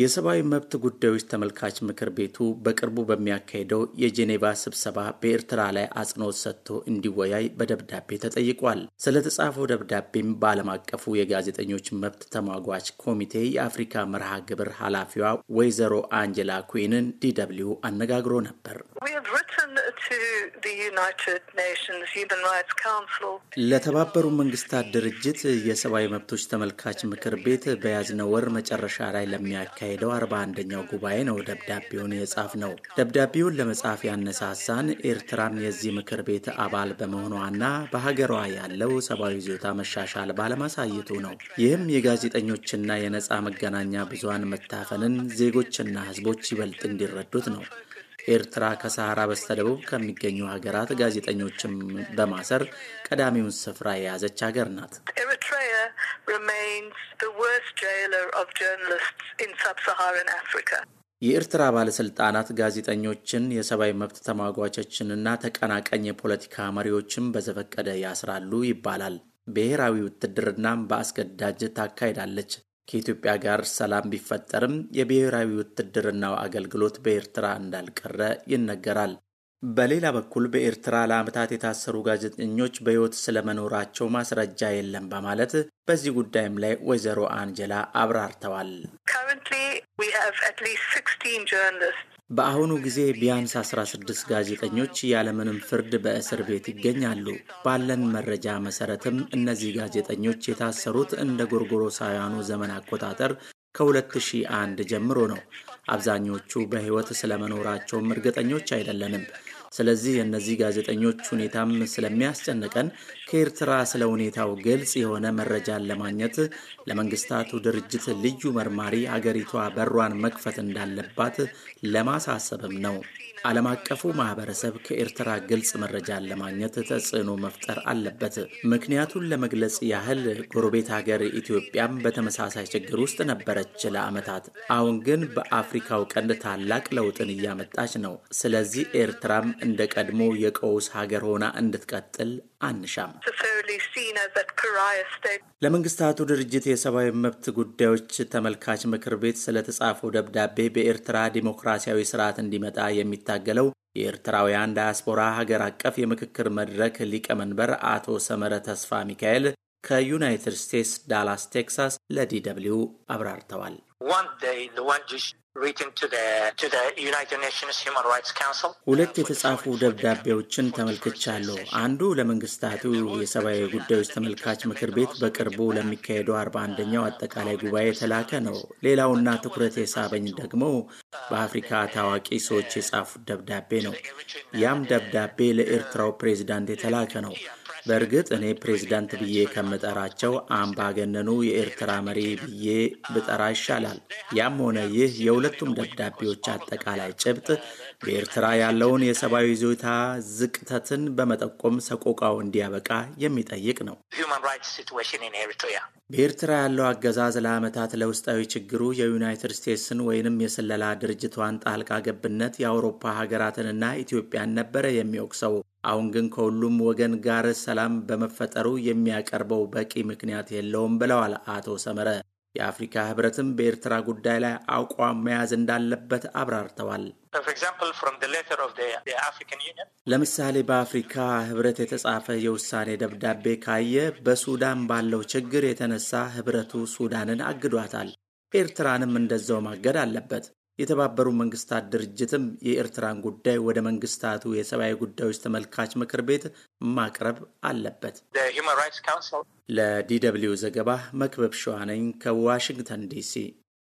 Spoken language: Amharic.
የሰብአዊ መብት ጉዳዮች ተመልካች ምክር ቤቱ በቅርቡ በሚያካሄደው የጄኔቫ ስብሰባ በኤርትራ ላይ አጽንኦት ሰጥቶ እንዲወያይ በደብዳቤ ተጠይቋል። ስለተጻፈው ደብዳቤም በዓለም አቀፉ የጋዜጠኞች መብት ተሟጓች ኮሚቴ የአፍሪካ መርሃ ግብር ኃላፊዋ ወይዘሮ አንጀላ ኩንን ዲደብሊው አነጋግሮ ነበር። ለተባበሩ መንግስታት ድርጅት የሰብአዊ መብቶች ተመልካች ምክር ቤት በያዝነው ወር መጨረሻ ላይ ለሚያካ ለተካሄደው 41ኛው ጉባኤ ነው ደብዳቤውን የጻፍ ነው። ደብዳቤውን ለመጻፍ ያነሳሳን ኤርትራም የዚህ ምክር ቤት አባል በመሆኗና በሀገሯ ያለው ሰብአዊ ይዞታ መሻሻል ባለማሳየቱ ነው። ይህም የጋዜጠኞችና የነፃ መገናኛ ብዙሃን መታፈንን ዜጎችና ሕዝቦች ይበልጥ እንዲረዱት ነው። ኤርትራ ከሰሃራ በስተደቡብ ከሚገኙ ሀገራት ጋዜጠኞችን በማሰር ቀዳሚውን ስፍራ የያዘች ሀገር ናት። የኤርትራ ባለስልጣናት ጋዜጠኞችን፣ የሰብአዊ መብት ተሟጓቾችንና ተቀናቃኝ የፖለቲካ መሪዎችን በዘፈቀደ ያስራሉ ይባላል። ብሔራዊ ውትድርናም በአስገዳጅ ታካሂዳለች። ከኢትዮጵያ ጋር ሰላም ቢፈጠርም የብሔራዊ ውትድርናው አገልግሎት በኤርትራ እንዳልቀረ ይነገራል። በሌላ በኩል በኤርትራ ለዓመታት የታሰሩ ጋዜጠኞች በሕይወት ስለመኖራቸው ማስረጃ የለም በማለት በዚህ ጉዳይም ላይ ወይዘሮ አንጀላ አብራርተዋል። በአሁኑ ጊዜ ቢያንስ 16 ጋዜጠኞች ያለምንም ፍርድ በእስር ቤት ይገኛሉ። ባለን መረጃ መሰረትም እነዚህ ጋዜጠኞች የታሰሩት እንደ ጎርጎሮሳውያኑ ዘመን አቆጣጠር ከ2001 ጀምሮ ነው። አብዛኞቹ በሕይወት ስለመኖራቸውም እርግጠኞች አይደለንም። ስለዚህ የእነዚህ ጋዜጠኞች ሁኔታም ስለሚያስጨንቀን ከኤርትራ ስለ ሁኔታው ግልጽ የሆነ መረጃን ለማግኘት ለመንግስታቱ ድርጅት ልዩ መርማሪ አገሪቷ በሯን መክፈት እንዳለባት ለማሳሰብም ነው። ዓለም አቀፉ ማህበረሰብ ከኤርትራ ግልጽ መረጃን ለማግኘት ተጽዕኖ መፍጠር አለበት። ምክንያቱን ለመግለጽ ያህል ጎረቤት ሀገር ኢትዮጵያም በተመሳሳይ ችግር ውስጥ ነበረች ለዓመታት። አሁን ግን በአፍሪካው ቀንድ ታላቅ ለውጥን እያመጣች ነው። ስለዚህ ኤርትራም እንደ ቀድሞ የቀውስ ሀገር ሆና እንድትቀጥል አንሻም። ለመንግስታቱ ድርጅት የሰብአዊ መብት ጉዳዮች ተመልካች ምክር ቤት ስለተጻፈው ደብዳቤ በኤርትራ ዲሞክራሲያዊ ስርዓት እንዲመጣ የሚታገለው የኤርትራውያን ዳያስፖራ ሀገር አቀፍ የምክክር መድረክ ሊቀመንበር አቶ ሰመረ ተስፋ ሚካኤል ከዩናይትድ ስቴትስ ዳላስ ቴክሳስ ለዲ ደብልዩ አብራርተዋል። ሁለት የተጻፉ ደብዳቤዎችን ተመልክቻለሁ። አንዱ ለመንግስታቱ የሰብአዊ ጉዳዮች ተመልካች ምክር ቤት በቅርቡ ለሚካሄደው አርባ አንደኛው አጠቃላይ ጉባኤ የተላከ ነው። ሌላውና ትኩረት የሳበኝ ደግሞ በአፍሪካ ታዋቂ ሰዎች የጻፉት ደብዳቤ ነው። ያም ደብዳቤ ለኤርትራው ፕሬዚዳንት የተላከ ነው። በእርግጥ እኔ ፕሬዝዳንት ብዬ ከምጠራቸው አምባገነኑ የኤርትራ መሪ ብዬ ብጠራ ይሻላል። ያም ሆነ ይህ የሁለቱም ደብዳቤዎች አጠቃላይ ጭብጥ በኤርትራ ያለውን የሰብአዊ ይዞታ ዝቅተትን በመጠቆም ሰቆቃው እንዲያበቃ የሚጠይቅ ነው። በኤርትራ ያለው አገዛዝ ለዓመታት ለውስጣዊ ችግሩ የዩናይትድ ስቴትስን ወይንም የስለላ ድርጅቷን ጣልቃ ገብነት የአውሮፓ ሀገራትንና ኢትዮጵያን ነበረ የሚወቅሰው። አሁን ግን ከሁሉም ወገን ጋር ሰላም በመፈጠሩ የሚያቀርበው በቂ ምክንያት የለውም ብለዋል አቶ ሰመረ። የአፍሪካ ህብረትም በኤርትራ ጉዳይ ላይ አቋም መያዝ እንዳለበት አብራርተዋል። ለምሳሌ በአፍሪካ ህብረት የተጻፈ የውሳኔ ደብዳቤ ካየ በሱዳን ባለው ችግር የተነሳ ህብረቱ ሱዳንን አግዷታል። ኤርትራንም እንደዛው ማገድ አለበት። የተባበሩ መንግስታት ድርጅትም የኤርትራን ጉዳይ ወደ መንግስታቱ የሰብአዊ ጉዳዮች ተመልካች ምክር ቤት ማቅረብ አለበት። ለዲ ደብልዩ ዘገባ መክበብ ሸዋነኝ ከዋሽንግተን ዲሲ